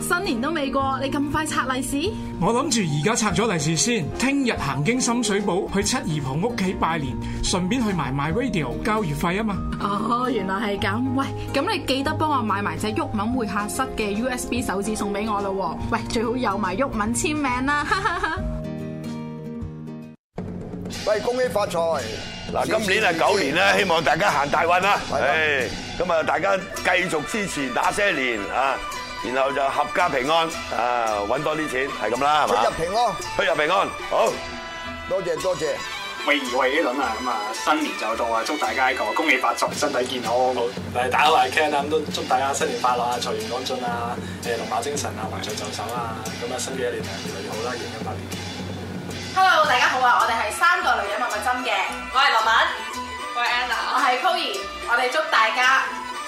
新年都未過，你咁快拆利是？我諗住而家拆咗利是先，聽日行經深水埗去七姨婆屋企拜年，順便去埋買，買 radio 交月費啊嘛。哦，原來係咁。喂，咁你記得幫我買埋隻毓民會客室嘅 USB 手指送俾我咯。喂，最好有埋毓民簽名啦。 喂，恭喜發財！嗱，今年係狗年啦，希望大家行大運啦。喂吧，咁啊、哎，大家繼續支持打些年啊！然後就合家平安，啊，揾多啲錢係咁啦，係嘛？出入平安，出入平安，好，多謝多謝，肥而為一等啊，咁啊，新年就到啊，祝大家個，恭喜發財，身體健康，咁嚟打下圍 can 啦，咁都祝大家新年快樂啊，財源廣進啊，誒，龍馬精神啊，橫財就手啊，咁啊新嘅一年啊越嚟越好啦，二零一八年。Hello，大家好啊，我哋係三個女人揾個針嘅，我係羅敏，我係 Anna，我係 Coyle，我哋祝大家。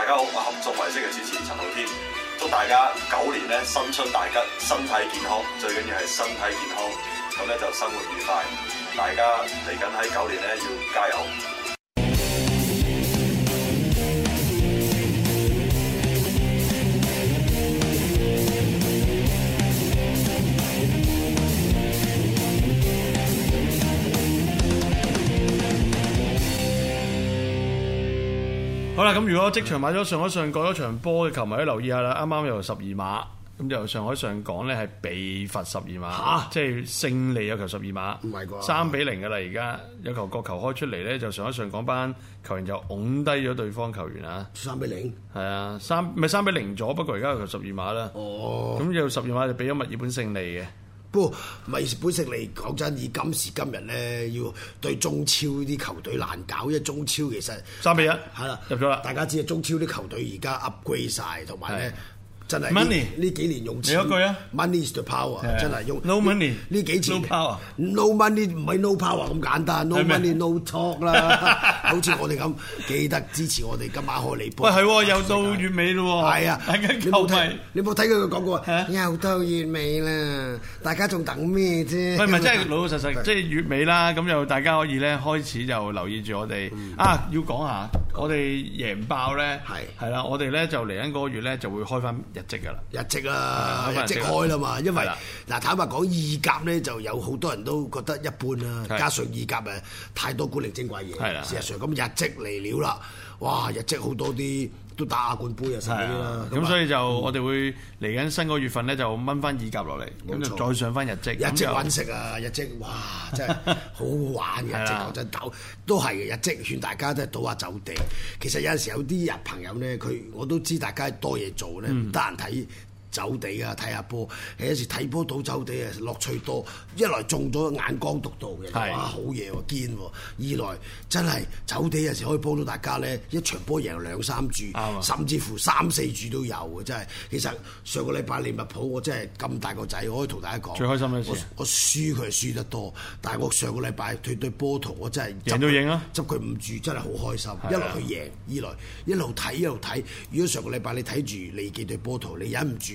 大家好，我合作維式嘅主持人陳浩天，祝大家狗年咧新春大吉，身體健康，最緊要係身體健康，咁咧就生活愉快。大家嚟緊喺狗年咧要加油。好啦，咁如果即場買咗上海上港嗰場波嘅球迷都留意下啦。啱啱有十二碼，咁由上海上港咧係被罰十二碼，蛤即係勝利有球十二碼。唔係啩？三比零㗎啦，而家有球個球開出嚟咧，就上海上港班球員就拱低咗對方球員啊。三比零。係啊，三咪三比零咗，不過而家有球十二碼啦。哦。咁有十二碼就俾咗墨爾本勝利嘅。不過，咪本色嚟講真，以今時今日咧，要對中超啲球隊難搞，因為中超其實三比一，係啦入咗啦。大家知道，中超啲球隊而家 upgrade 晒，同埋咧。真係 money，呢幾年用錢。你一句啊，money is the power，真係用。no money 呢幾次 no power。no money 唔係 no power 咁簡單，no money no talk 啦。好似我哋咁，記得支持我哋今晚開你波。喂，係又到月尾嘞喎。係啊，大家購退？你冇睇佢廣告啊？又到月尾啦，大家仲等咩啫？喂，咪，真係老老實實，即係月尾啦。咁又大家可以咧開始就留意住我哋。啊，要講下我哋贏爆咧，係係啦。我哋咧就嚟緊嗰個月咧就會開翻。日職啦，日職啊，日職開啦嘛，的因為嗱的坦白講，意甲咧就有好多人都覺得一般啦，啊，的加上意甲啊，太多古靈精怪嘢，的事實上咁的日職嚟了啦，哇日職好多啲。都打下冠杯啊，了這樣 所以就、嗯、我哋會嚟緊新個月份咧，就掹翻意甲落嚟，咁就再上翻日職。日職揾食啊， 日職哇，真係好好玩嘅日職，講真走，都係 日職，勸 大家都係賭下走地。其實有陣時有啲日朋友咧，佢我都知大家多嘢做咧，唔得閒睇。走地啊，睇下波，時有時睇波賭走地啊，樂趣多。一來中咗眼光獨到嘅，的哇，好嘢喎，堅喎；二來、啊、真係走地有時可以幫到大家咧，一場波贏兩三注，哦、甚至乎三四注都有嘅，真係。其實上個禮拜利物浦我真係咁大個仔，我可以同大家講。最開心我，我輸佢係輸得多，但係我上個禮拜對對波圖我真係人都影啊。執佢唔住，真係好開心。贏贏啊、一來佢贏，二來一路睇一路睇。如果上個禮拜你睇住利記對波圖，你忍唔住。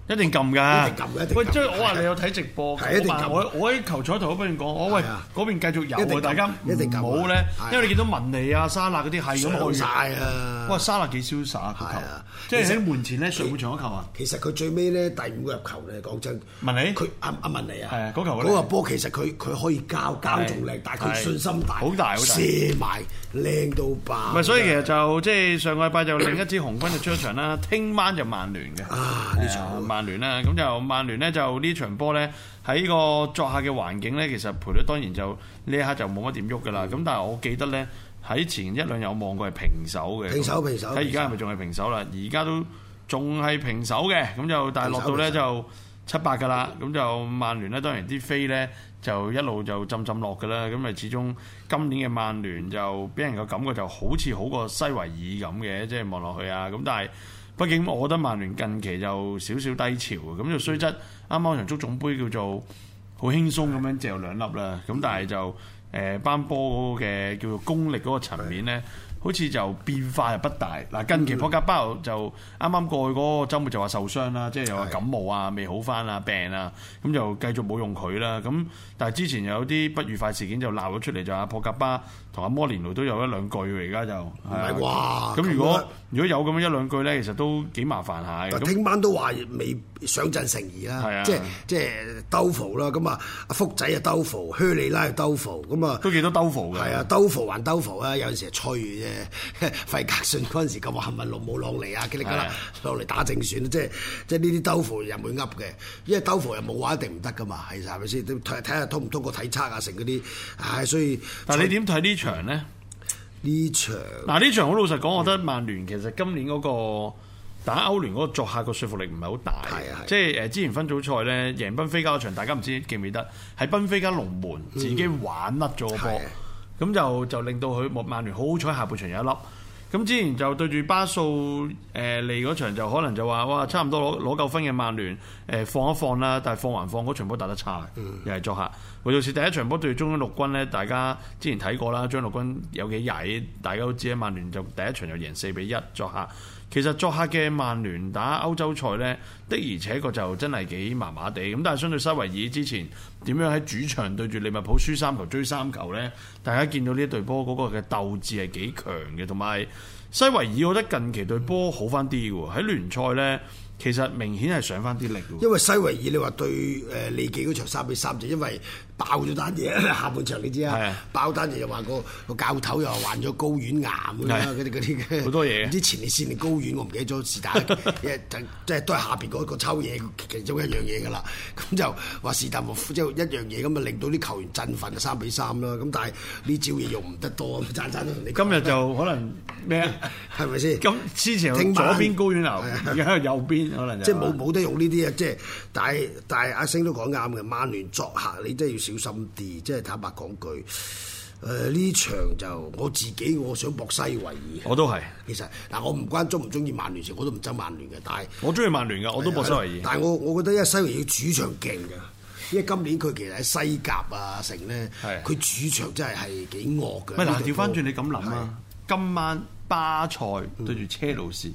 一定撳㗎，喂！即係我話你有睇直播嘅嘛？我我喺球彩台嗰邊講，我喂嗰邊繼續有，大家唔好咧，因為你見到文尼啊、沙拿嗰啲係咁開曬啦。喂，沙拿幾瀟灑啊！即係喺門前咧，上會搶咗球啊？其實佢最尾咧第五個入球咧，講真，文尼，佢阿阿文尼啊，嗰個波其實佢佢可以交交，重力，但係佢信心大，好大好大，射埋靚到爆。唔係，所以其實就即係上個禮拜就另一支紅軍就出咗場啦，聽晚就曼聯嘅。啊，呢場。聯啦，咁就曼聯呢，就呢場波呢，喺個作客嘅環境呢，其實賠率當然就呢一刻就冇乜點喐噶啦。咁、嗯、但係我記得呢，喺前一兩日我望過係平手嘅，平手平手。睇而家係咪仲係平手啦，而家都仲係平手嘅，咁手就但係落到呢，就七八噶啦。咁就、嗯、曼聯呢，當然啲飛呢，就一路就浸浸落噶啦。咁咪始終今年嘅曼聯就俾人嘅感覺就好似好過西維爾咁嘅，即係望落去啊。咁但係。畢竟，我覺得曼聯近期就少少低潮嘅，咁就雖則，啱啱場足總杯叫做好輕鬆咁樣，就有兩粒啦。咁但係就誒班波嘅叫做功力嗰個層面咧。好似就變化又不大嗱，近期破格巴就啱啱過去嗰個週末就話受傷啦，即係又話感冒啊，未好翻啊病啊，咁就繼續冇用佢啦。咁但係之前有啲不愉快事件就鬧咗出嚟，就阿破格巴同阿摩連奴都有一兩句，而家就唔係喎。咁如果如果有咁一兩句咧，其實都幾麻煩下。咁聽晚都話未上陣成疑啦，即係即係兜扶啦。咁啊，阿福仔啊兜扶，靴利拉又兜扶，咁啊都幾多兜扶㗎？係啊，兜扶還兜扶啊。有陣時係吹嘅啫。誒，費格遜嗰陣時佢話係咪羅姆朗嚟啊？佢哋梗啦，朗嚟打正選，即係即係呢啲兜扶又會噏嘅，因為兜扶又冇話一定唔得噶嘛，係咪先？睇下通唔通過體測啊，成嗰啲，唉，所以。但係你點睇呢場呢？呢場嗱，呢場好老實講，我覺得曼聯其實今年嗰個打歐聯嗰個作客個說服力唔係好大，即係誒之前分組賽咧，贏賓菲加場，大家唔知記唔記得，喺賓菲加龍門自己玩甩咗波。咁就就令到佢莫曼聯好彩下半場有一粒。咁之前就對住巴素誒嚟嗰場就可能就話哇差唔多攞攞夠分嘅曼聯誒放一放啦，但係放還放嗰場波打得差，又係、嗯、作客。尤、就、其是第一場波對住中央陸軍咧，大家之前睇過啦，將陸軍有幾曳，大家都知啊。曼聯就第一場就贏四比一作客。其實作客嘅曼聯打歐洲賽呢，的而且確就真係幾麻麻地。咁但係相對西維爾之前點樣喺主場對住利物浦輸三球追三球呢？大家見到呢一隊波嗰個嘅鬥志係幾強嘅，同埋西維爾我覺得近期隊波好翻啲嘅喎，喺聯賽呢，其實明顯係上翻啲力嘅。因為西維爾你話對誒利記嗰場三比三就因為。爆咗單嘢，下半場你知啊？的爆單嘢又話個個教頭又患咗睾丸癌啊！嗰啲嗰啲好多嘢，唔知前線年，年睾丸我唔記得咗 是但，即係都係下邊嗰個抽嘢其中一樣嘢噶啦。咁就話是但，即係一樣嘢咁，咪令到啲球員振奮，三比三啦。咁但係呢招嘢用唔得多，爭爭 你今日就可能咩啊？係咪先？咁 是之前左邊睾丸流，而家 右邊可能 即係冇冇得用呢啲啊！即係但係但係阿聲都講啱嘅，曼聯作客你真係要。小心啲，即係坦白講句，誒、呃、呢場就我自己我想搏西維爾。我都係，其實嗱、呃，我唔關中唔中意曼聯事，我都唔憎曼聯嘅，但係我中意曼聯嘅，我都搏西維爾。但係我我覺得，因為西維爾嘅主場勁㗎，因為今年佢其實喺西甲啊成咧，佢的主場真係係幾惡嘅。咪嗱的，調翻轉你咁諗啊，的今晚巴塞對住車路士，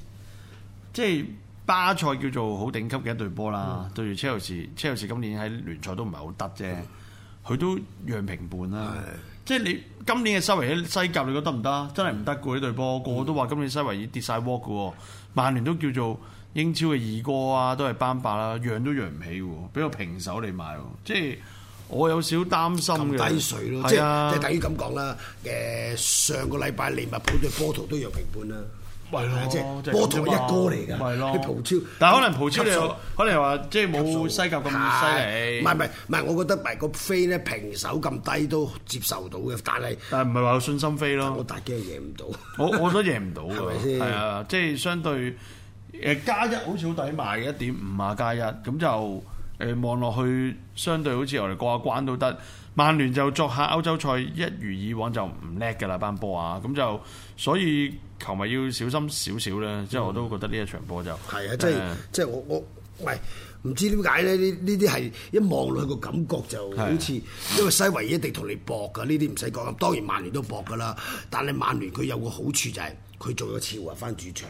即係、嗯嗯、巴塞叫做好頂級嘅一隊波啦，嗯、對住車路士，車路士今年喺聯賽都唔係好得啫。嗯嗯佢都讓平半啦，的即係你今年嘅西維喺西甲你覺得唔得，真係唔得過呢對波，個個、嗯、都話今年西維爾跌曬鍋嘅喎，曼聯都叫做英超嘅二哥啊，都係班霸啦，讓都讓唔起喎，比較平手嚟買。即係我有少少擔心低水咯、啊，的即係等於咁講啦。誒是、嗯，上個禮拜利物浦對波圖都讓平半啦。係咯，即係波同埋一哥嚟噶，佢葡超，但可能葡超你又可能話即係冇西甲咁犀利。唔係唔係唔係，我覺得唔係個飛咧，平手咁低都接受到嘅，但係但係唔係話有信心飛咯。我大驚贏唔到，我我都贏唔到，係咪先係啊？即係相對誒加一好似好抵買嘅一點五啊加一咁就誒望落去相對好似我哋過下關都得。曼聯就作客歐洲賽，一如以往就唔叻㗎啦班波啊，咁就、嗯、所，所以球迷要小心少少啦，即係、嗯、我都覺得呢一場波就係啊，就是呃、即係即係我我喂，唔知點解咧？呢呢啲係一望落去個感覺就好似是、啊、因為西維一定同你搏嘅，呢啲唔使講。當然曼聯都搏㗎啦，但係曼聯佢有個好處就係佢做咗次回合返主場，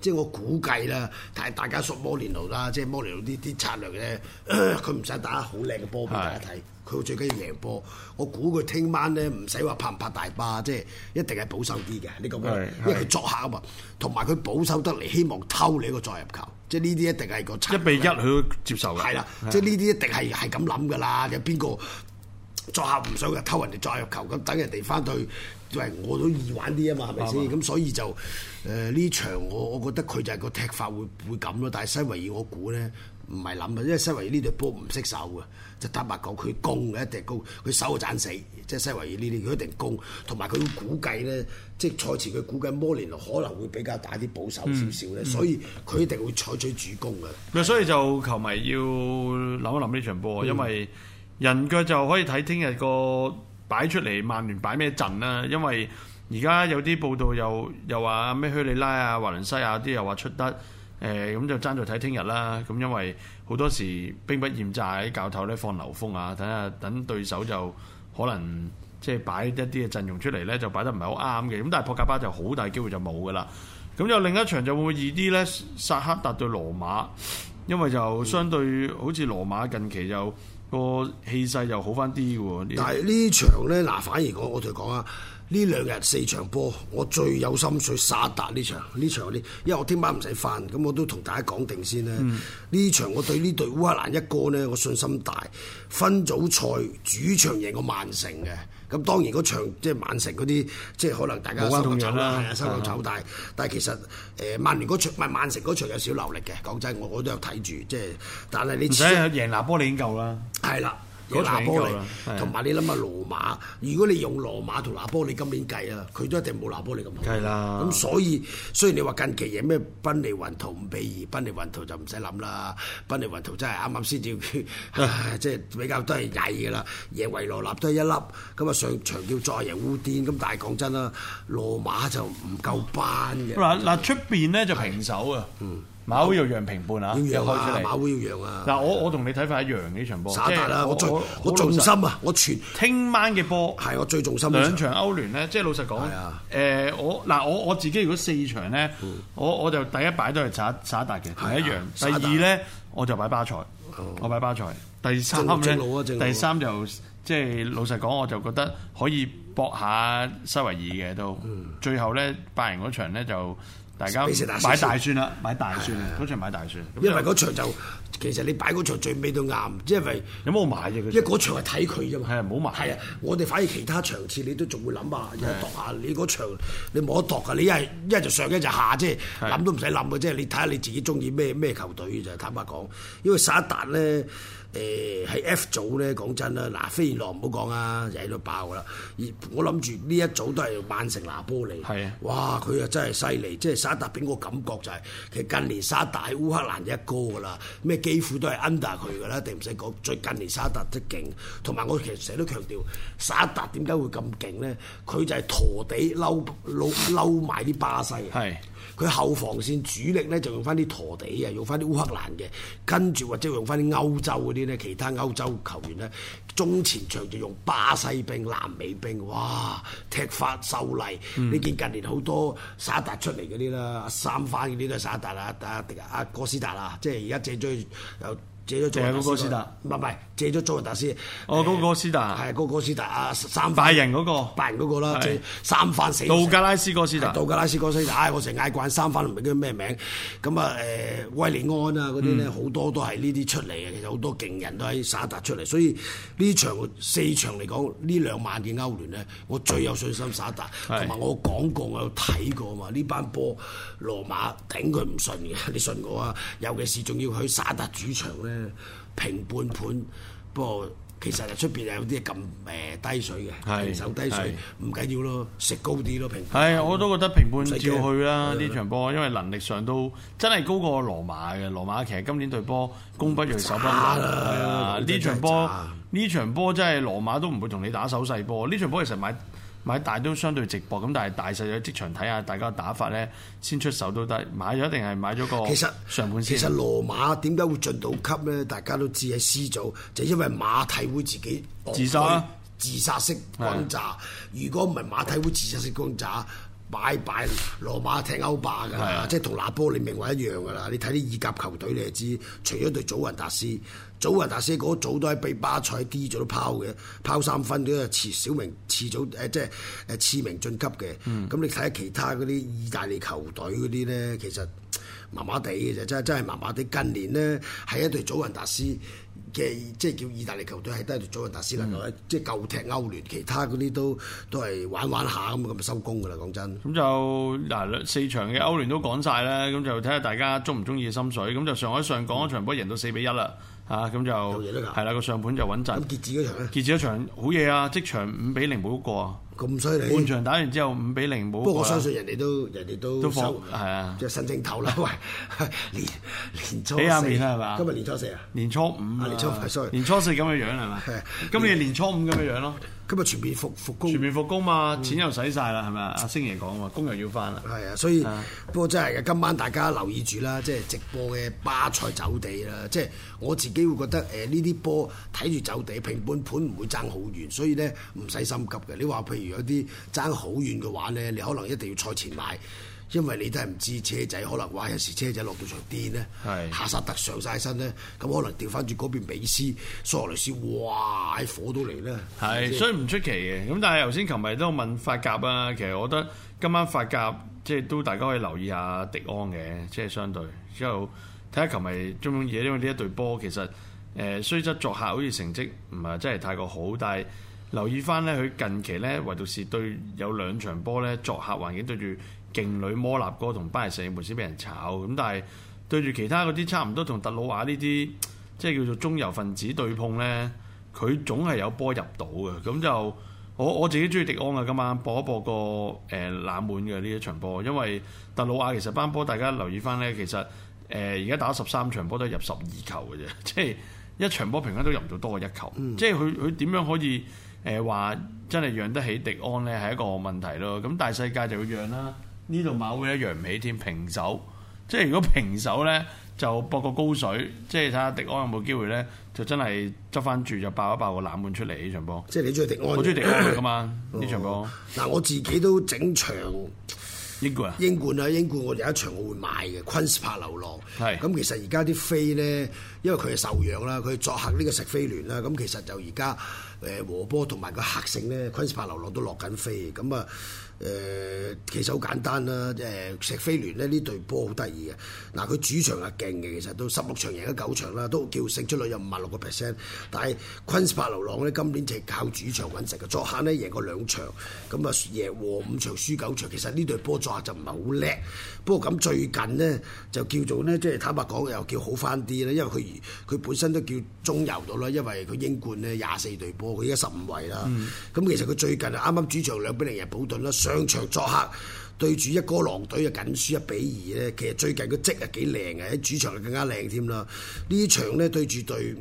即係是、啊、我估計啦。大大家熟摩連奴啦，即係摩連奴呢啲策略咧，佢唔使打好靚嘅波俾大家睇。佢最緊要贏波，我估佢聽晚咧唔使話拍唔拍大巴，即係一定係保守啲嘅。你覺唔覺？因為佢作客啊嘛，同埋佢保守得嚟，希望偷你一個再入球，即係呢啲一定係個一比一，佢會接受。係啦，即係呢啲一定係係咁諗噶啦。有邊個作客唔想就偷人哋再入球咁，等人哋翻去，喂，我都易玩啲啊嘛，係咪先？咁吧所以就誒呢、呃、場我我覺得佢就係個踢法會會咁咯。但係西維爾我估咧。唔係諗啊！因為西維爾呢隊波唔識手啊。就坦白講，佢攻嘅一定係攻，佢手就斬死。即係西維爾呢啲，佢一定攻，同埋佢估計咧，即係賽前佢估計摩連奴可能會比較大啲保守少少咧，嗯、所以佢一定會採取主攻嘅、嗯。所以就球迷要諗一諗呢場波啊！嗯、因為人腳就可以睇聽日個擺出嚟，曼聯擺咩陣啦。因為而家有啲報道又又話咩虛利拉啊、華倫西亞啲又話出得。誒咁、嗯、就爭在睇聽日啦，咁因為好多時兵不厭詐，教頭咧放流風啊，等下等對手就可能即係擺一啲嘅陣容出嚟咧，就擺得唔係好啱嘅。咁但係破格巴就好大機會就冇噶啦。咁又另一場就會易啲咧，薩克達對羅馬，因為就相對、嗯、好似羅馬近期就個氣勢就好翻啲嘅。但係呢場咧，嗱反而我我就講啊。呢兩日四場波，我最有心水沙達呢場，呢場啲，因為我聽晚唔使返，咁我都同大家講定先咧。呢、嗯、場我對呢隊烏克蘭一哥呢，我信心大。分組賽主場贏過曼城嘅，咁當然嗰場即係曼城嗰啲，即係可能大家收攞走啦，係啊，收攞走的。但係其實誒，曼聯嗰場唔係曼城嗰場有少流力嘅。講真，我我都有睇住，即係但係你至少贏拿波你已經夠啦。係啦。嗰拿波利，同埋你諗下羅馬，是的 如果你用羅馬同拿波利，你今年計啊，佢都一定冇拿波利咁好。係啦是的、嗯。咁所以雖然你話近期有咩賓利雲圖五比二，賓利雲圖就唔使諗啦，賓利雲圖真係啱啱先至，即 係、啊就係、比較都係曳嘅啦，是的 贏維羅納都係一粒，咁啊上場叫再贏烏甸，咁但係講真啦，羅馬就唔夠班嘅。嗱嗱出邊咧就平手啊。嗯。嗯。馬會要讓平半啊，馬會要讓啊！嗱，我我同你睇法一樣嘅呢場波，撒大啦，我最我重心啊，我全聽晚嘅波係我最重心。兩場歐聯咧，即係老實講，誒我嗱我我自己如果四場咧，我我就第一擺都係撒撒大嘅，係一樣。第二咧我就擺巴塞，我擺巴塞。第三咧，第三就即係老實講，我就覺得可以博下西維爾嘅都。最後咧，拜仁嗰場咧就。大家買大蒜啦，買大蒜啦，嗰場買大蒜。的因為嗰場就。其實你擺嗰場最尾都啱，因為有冇買啫？佢，因為嗰場係睇佢啫嘛。係啊，冇埋。係啊，我哋反而其他場次你都仲會諗啊，度下的你嗰場你冇得度噶，你一係一就上一就下，即係諗都唔使諗嘅啫。你睇下你自己中意咩咩球隊就坦白講，因為薩達咧，誒、呃、喺 F 組咧，講真啦，嗱，飛燕諾唔好講啊，就喺度爆㗎啦。而我諗住呢一組都係曼城拿波利，哇佢又真係犀利，的即係薩達俾我感覺就係、是，其實近年薩達喺烏克蘭一哥㗎啦，咩？幾乎都係 under 佢㗎啦，定唔使講最近年沙特即係勁，同埋我其實成日都強調，沙特點解會咁勁咧？佢就係陀地嬲撈撈埋啲巴西嘅。佢後防線主力咧就用翻啲陀地啊，用翻啲烏克蘭嘅，跟住或者用翻啲歐洲嗰啲咧，其他歐洲球員咧，中前場就用巴西兵、南美兵，哇！踢法秀麗，嗯、你見近年好多沙達出嚟嗰啲啦，三番嗰啲都係沙達啦，阿迪啊，阿哥斯達啊，即係而家正追又。借咗仲係哥斯達，唔係唔係借咗佐羅達斯。哦、啊，啊、哥斯達係、啊嗰個、哥斯達啊！三，拜仁嗰個拜仁嗰個啦，三番死。杜格拉斯哥斯達，杜格拉斯哥斯達，我成日嗌慣三番，唔記得叫咩名。咁、嗯、啊誒，威廉安啊嗰啲咧，好多都係呢啲出嚟嘅，嗯、其實好多勁人都喺沙達出嚟，所以呢場四場嚟講，呢兩晚嘅歐聯呢，我最有信心沙達，同埋我講過我有睇過啊嘛，呢班波羅馬頂佢唔順嘅，你信我啊！尤其是仲要去沙達主場咧。平半盤，不過其實啊出邊有啲咁誒低水嘅是平手低水，唔緊要咯，食高啲咯平。係的，的我都覺得平半照去啦呢場波，因為能力上都真係高過羅馬嘅。羅馬其實今年對波攻不如守不爛啊！呢了場波呢了場波了真係羅馬都唔會同你打手勢波。呢場波其實買。買大都相對直播咁，但係大細喺職場睇下大家打法咧，先出手都得。買咗一定係買咗個上半其，其實羅馬點解會進到級咧？大家都知喺 C 組，就係、因為馬體會自己自殺、啊、自殺式轟炸。是的 如果唔係馬體會自殺式轟炸，是的 拜拜，羅馬踢歐霸㗎是的 即係同拿波你明話一樣㗎啦。你睇啲意甲球隊你就知，除咗對祖雲達斯。祖雲達斯嗰組都係被巴塞 D 組都拋嘅，拋三分，佢啊次小明次組誒、呃、即係誒次名晉級嘅。咁、嗯、你睇下其他嗰啲意大利球隊嗰啲咧，其實麻麻地嘅就真係真係麻麻地。近年咧係一隊祖雲達斯。嘅即係叫意大利球隊喺低度做個達斯納球咧，嗯、即係舊踢歐聯，其他嗰啲都都係玩玩下咁，咁就收工噶啦。講真，咁就嗱四場嘅歐聯都講晒啦，咁就睇下大家中唔中意心水。咁就上海上港一場，波過贏到四比一啦，嚇咁、嗯啊、就係啦，個上盤就穩陣。咁截止嗰場咧？結止嗰場好嘢啊！即場五比零冇過啊！咁衰！半場打完之後五比零冇，不過我相信人哋都人哋都都放係以啊，即係新正頭啦！喂， 年初 年初四啊，今日年初四啊，啊，年初五年、啊、初啊，年初，年初四咁嘅樣係嘛？ 啊、今日年初五咁嘅樣咯。 今日全面復復工。全面復工嘛，錢又使晒啦，係咪啊？阿星爺講啊嘛，工人要返啦。係啊，所以係、啊、不過真係今晚大家留意住啦，即係直播嘅巴塞走地啦。即係我自己會覺得誒，呢啲波睇住走地，平半盤唔會爭好遠，所以咧唔使心急嘅。你話譬如有啲爭好遠嘅話咧，你可能一定要賽前買。因為你都係唔知車仔，可能話有時車仔落到場癲咧，夏薩是特上晒身咧，咁可能掉翻住嗰邊美斯蘇格雷斯哇火都嚟咧，係是、就是、所以唔出奇嘅。咁的但係頭先琴日都問法甲啊，其實我覺得今晚法甲即係都大家可以留意下迪安嘅，即係相對之後睇下。琴日中嘢，因為呢一隊波其實誒雖則作客好似成績唔係真係太過好，但係留意翻咧，佢近期咧唯獨是對有兩場波咧作客環境對住勁旅摩納哥同巴黎聖母先俾人炒咁，但係對住其他嗰啲差唔多同特魯瓦呢啲，即係叫做中游分子對碰呢，佢總係有波入到嘅。咁就我我自己中意迪安啊，今晚博一博個誒冷門嘅呢一場波，因為特魯瓦其實班波大家留意翻呢，其實誒、呃、而家打十三場波都係入十二球嘅啫，即係一場波平均都入唔到多過一球，嗯、即係佢佢點樣可以誒話真係養得起迪安呢？係一個問題咯。咁大世界就要養啦。呢度馬會一樣唔起添平手，即係如果平手咧，就博個高水，即係睇下迪安有冇機會咧，就真係執翻住就爆一爆個冷門出嚟呢場波。即係你中意迪安，我中意迪安㗎嘛？呢、嗯、場波。嗱、啊，我自己都整場英冠館啊，英冠啊，英冠我有一場我會買嘅。昆士柏流浪係。咁是、嗯、其實而家啲飛咧，因為佢係受讓啦，佢作客呢個謝菲聯啦，咁、嗯、其實就而家誒和波同埋個客勝咧，昆士柏流浪都落緊飛，咁、嗯、啊。嗯誒其實好簡單啦，誒錫菲聯咧呢隊波好得意嘅，嗱佢主場係勁嘅，其實都十六場贏咗九場啦，都叫勝出率有五十六個 percent。但係昆士柏流浪咧今年就靠主場揾食嘅，作客呢贏過兩場，咁啊贏和五場，過場輸九場，其實呢隊波作客就唔係好叻。不過咁最近呢，就叫做呢，即係坦白講又叫好返啲啦，因為佢佢本身都叫中游度啦，因為佢英冠呢廿四隊波，佢而家十五位啦。咁、嗯、其實佢最近啊啱啱主場兩比零贏保頓啦。上場作客對住一哥狼隊啊，緊輸一比二呢，其實最近個績係幾靚嘅，喺主場更加靚添啦。呢場咧對住對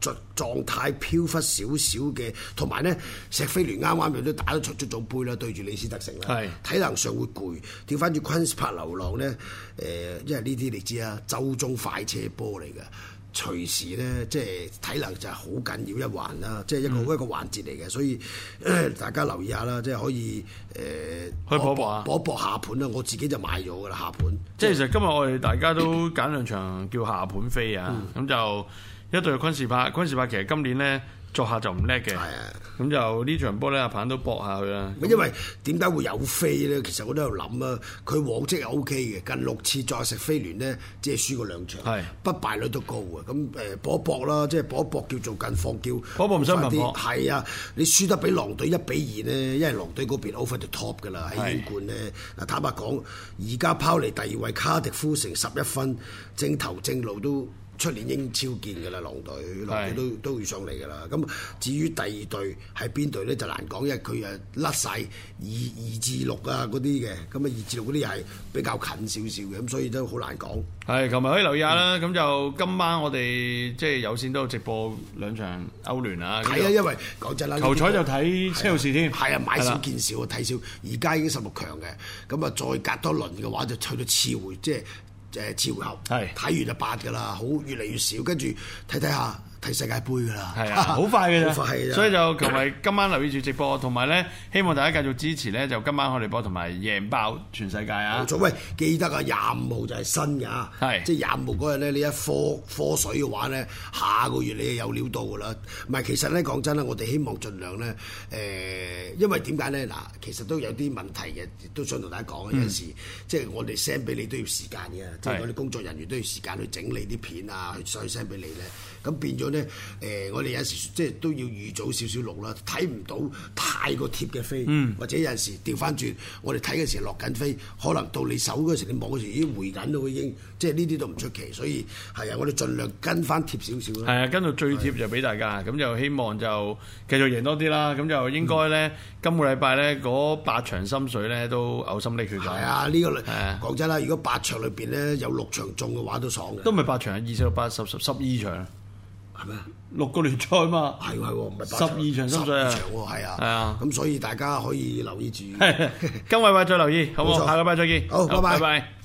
狀狀態飄忽少少嘅，同埋呢石飛聯啱啱佢都打得出咗杯啦，對住李斯特城啦。係是的 體能上會攰，調翻轉昆士柏流浪呢，誒、呃，因為呢啲你知啊，周中快車波嚟㗎。隨時咧，即係體能就係好緊要一環啦，即係一個、嗯、一個環節嚟嘅，所以、呃、大家留意下啦，即係可以誒。呃、可以搏一搏啊！搏一搏下盤啦，我自己就買咗噶啦下盤。即係其實今日我哋大家都揀兩場叫下盤飛啊，咁、嗯、就一對昆士柏，昆士柏其實今年咧，作客就唔叻嘅，咁、啊、就呢場波呢，阿鵬都搏下佢啦。因為點解會有飛咧？其實我都喺度諗啊。佢往績係 O K 嘅，近六次再食飛聯咧，只係輸過兩場，是不敗率都高嘅。咁、嗯、誒搏一搏啦，即係搏一搏叫做近況叫。搏一搏唔想頻搏。係啊，你輸得比狼隊一比二呢，因為狼隊嗰邊 over the top 嘅啦，喺英冠呢，嗱是坦白講，而家拋離第二位卡迪夫城十一分，正頭正路都。出年英超見嘅啦，狼隊狼隊都是的 都會上嚟嘅啦。咁至於第二隊喺邊隊咧，就難講，因為佢誒甩晒二二至六啊嗰啲嘅，咁啊二至六嗰啲又係比較近少少嘅，咁所以都好難講。係，琴日可以留意下啦。咁、嗯、就今晚我哋即係有線都有直播兩場歐聯啊。係啊的就，因為講真啦，頭彩就睇車路士添。係啊，買少見少啊，睇少。而家已經十六強嘅，咁啊再隔多輪嘅話，就去到次回即係。就係潮流，睇是完就八噶啦，好，越嚟越少，跟住睇睇下，睇世界盃噶啦，係啊，好快嘅啫，好快所以就琴日今晚留意住直播，同埋咧希望大家繼續支持咧，就今晚我哋播，同埋贏爆全世界啊！冇錯，喂，記得啊，廿五號就係新嘅啊，即係廿五號嗰日咧，你一科科水嘅話咧，下個月你係有料到噶啦。唔係，其實咧講真啦，我哋希望儘量咧，誒、呃，因為點解咧嗱，其實都有啲問題嘅，都想同大家講有時，即係、嗯就是、我哋 send 俾你都要時間嘅，即係是我哋工作人員都要時間去整理啲片啊，去再 send 俾你咧。咁變咗咧，誒我哋有時即係都要預早少少落啦，睇唔到太過貼嘅飛，或者有陣時調翻轉，我哋睇嘅時候落緊飛，可能到你手嗰時，你望嗰時已經回緊都已經，即係呢啲都唔出奇。所以係啊，我哋盡量跟翻貼少少咯。係啊，跟到最貼就俾大家，咁就希望就繼續贏多啲啦。咁就應該咧，今個禮拜咧嗰八場心水咧都嘔心瀝血㗎。係啊，呢個講真啦，如果八場裏邊咧有六場中嘅話，都爽。都唔係八場，二四六八十十十二場。係咪六個聯賽嘛？係喎，係唔係十二場三水啊？十二場喎。係啊，係啊，咁的所以大家可以留意住。今個禮拜再留意，好唔好？好鬆，下個禮拜再見，好，拜拜。